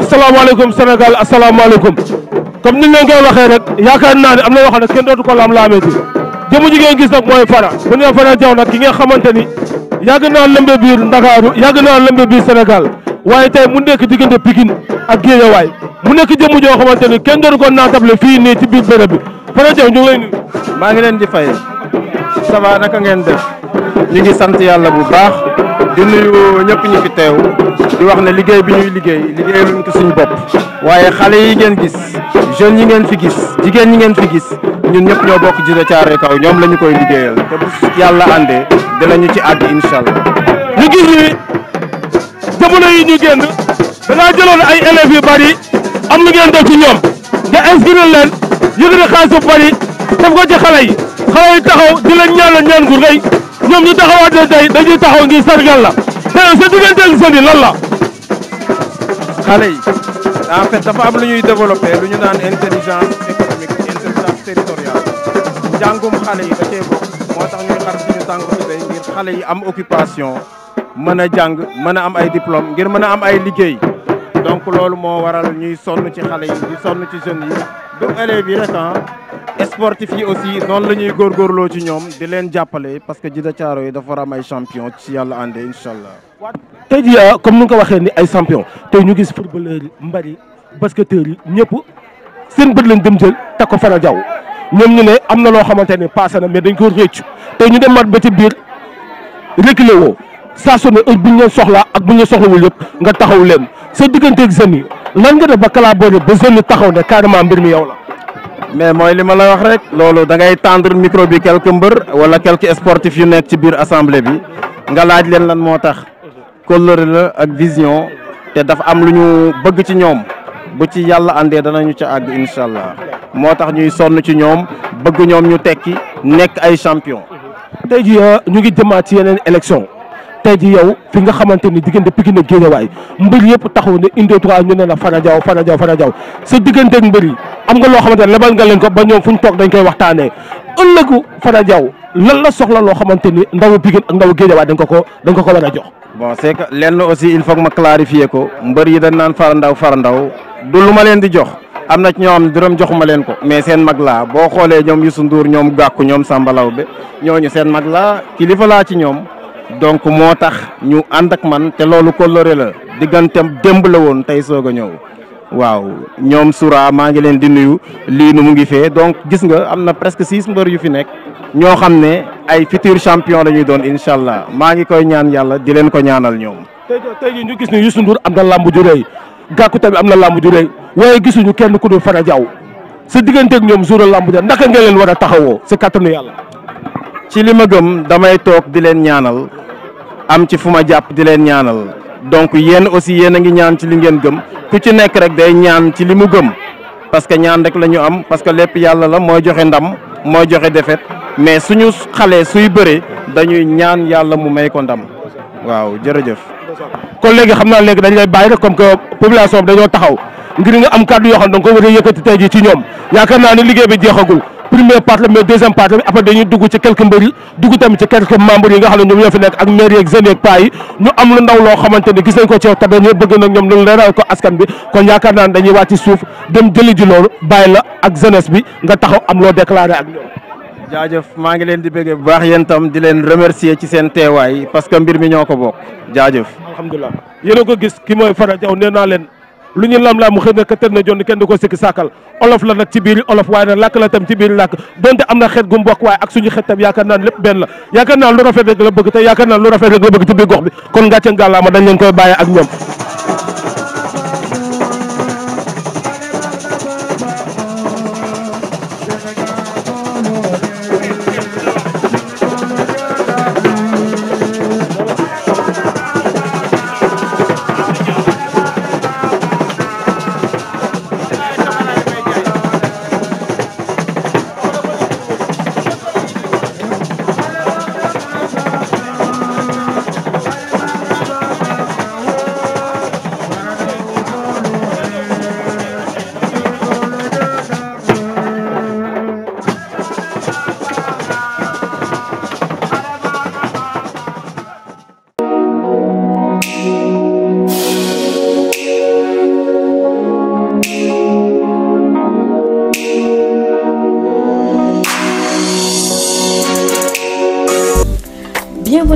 asalaamaaleykum Sénégal asalaamaaleykum comme ni ñu leen koy waxee rek yaakaar naa ne am na yoo xam ne kenn dootu ko laam-laameeti jëmu ji ngeen gis nag mooy Fara bu ñu Fara Diaw nag ki nga xamante ni yàgg naa lëmbe biir Ndakaaru yàgg naa lëmbe biir senegal waaye tey mu nekk diggante Pikine ak Guédiawaye mu nekk jëmu joo xamante ni kenn dootu ko le fii nii ci biir béréb bi Fara Diaw ñu ngi maa ngi leen di fay ça va naka ngeen def. ñu ngi sant yàlla bu baax di nuyu ñëpp ñu fi teew di wax ne liggéey bi ñuy liggéey liggéey luñ ko suñu bopp waaye xale yi ngeen gis jeunes yi ngeen fi gis jigéen ñi ngeen fi gis ñun ñëpp ñoo bokk Djidah Thiaroye Kaw ñoom la ñu koy liggéeyal te bu yàlla àndee dinañu ci àgg incha allah. ñu gis ni jamono yi ñu génn dangaa jëloon ay élèves yu bari am lu ngeen def ci ñoom nga inscrire leen yëg na xaalis bu bari def ko ci xale yi xale yi taxaw di la ñaan gu rëy ñoom ñu taxawaatee tey dañuy taxaw ngir sargal la te yow sa digganteeg seen i xale yi en fait dafa am lu ñuy développé lu ñu naan intelligence économique intelligence territoriale jàngum xale yi da cee moo tax ñuy xar suñu tànk tey ngir xale yi am occupation mën a jàng mën a am ay diplôme ngir mën a am ay liggéey donc loolu moo waral ñuy sonn ci xale yi di sonn ci jeunes du élèves yi ah. sportif yi aussi noonu la ñuy góorgóorloo ci ñoom di leen jàppale parce que Djidah Thiaroye dafa war am ay champion ci yàlla àndee incha allah. waaw tey jii ah, comme ni nga ko waxee ni ay champion tey ñu gis footballeur yi mbar yi basketteurs yi ñëpp seen bët leen dem jël teg ko Fana Diaw ñoom ñu ne am na loo xamante ne passé na mais dañ ko réccu te ñu dem mat ba ci biir reculé woo saa heure bu ñu leen soxla ak bu ñu soxlawul yëpp nga taxaw leen sa digganteeg jeunes yi lan nga def ba collaborer ba jeunes yi taxaw ne carrément mbir mi yow la. mais mooy li ma la wax rek loolu da ngay tendre micro bi quelque mbër wala quelque sportif yu nekk ci biir assemblée bi nga laaj leen lan moo tax kóllëre la ak vision te dafa am lu ñu bëgg ci ñoom bu ci yàlla àndee danañu ca àgg incha allah moo tax ñuy sonn ci ñoom bëgg ñoom ñu tekki nekk ay champion tey jii ah, ñu ngi jëmaat ci yeneen élection tey ji yow fi nga xamante ni diggante Pikine ak Guédiawaye mbër yëpp taxaw ne inde a ñu ne la Fara Diaw Fara Diaw Fara Diaw sa diggante ak mbër yi am nga loo xamante ne lebal nga leen ko ba ñoom fu ñu dañ koy waxtaanee ëllëgu Fara Diaw lan la soxla loo xamante ni ndawu Pikine ak ndawu Guédiawaye dañ ko ko dañ ko ko war a jox bon c'est que lenn aussi il faut ma clarifier ko mbër yi dañ naan Fara Ndaw Fara Ndaw du leen di jox am na ci ñoo joxuma leen ko mais seen mag donc moo tax ñu ànd ak man te loolu kóllëre la digganteem démb la woon tey soog a ñëw waaw ñoom sura maa ngi leen di nuyu lii nu mu ngi fee donc gis nga am na presque six mbër yu fi nekk ñoo xam ne ay futur champion la ñuy doon incha allah maa ngi koy ñaan yàlla di leen ko ñaanal ñoom. tey tey jii ñu gis ne Youssou Ndour am na làmb ju rëy gàkku tamit am na làmb ju rëy waaye gisuñu kenn ku dul Fara Diaw sa digganteeg ñoom jour làmb ja naka nga leen war a taxawoo si kàttanu yàlla. ci li ma gëm damay toog di leen ñaanal am ci fu ma jàpp di leen ñaanal donc yéen aussi yéen a ngi ñaan ci li ngeen gëm ku ci nekk rek day ñaan ci li mu gëm parce que ñaan rek lañu am parce que lépp yàlla la mooy joxe ndam mooy joxe defet mais suñu xale suy bëre dañuy ñaan yàlla mu may ko ndam waaw jërëjëf. kon léegi xam naa léegi dañ lay bàyyi rek comme que population bi dañoo taxaw ngir nga am kàddu yoo xam ko war a yëkkati tey jii ci ñoom yaakaar naa ne liggéey bi jeexagul. première partie la mais deuxième partie la après dañuy dugg ci quelques mbër dugg tamit ci quelques membres yi nga xam ñoom ñoo fi nekk ak maire yeeg jeunes yi ñu am lu ndaw loo xamante gis nañ ko ci tabe ñu bëgg nag ñoom lu leeral ko askan bi kon yaakaar naa ne dañuy wàcc suuf dem jëli ji loolu bàyyi la ak jeunesse bi nga taxaw am loo déclaré ak ñoom maa ngi leen di bëggee bu baax yéen tam di leen remercier ci seen teewaay parce que mbir mi ñoo ko bokk jaajëf a ko gis ki mooy Fara lu ñu lam-lam xëy na ka tër na jonn kenn du ko sikki sàkkal olof la nag ci biir olof waaye nag làkk la tam ci biir làkk donte am na xeet gu mbokk waaye ak suñu xeet tam yaakaar naan lépp benn la yaakaar naan lu rafet rek la bëgg te yaakaar naan lu rafet rek la bëgg ci biir gox bi kon ngàcce ngàllaama dañ koy bàyyee ak ñoom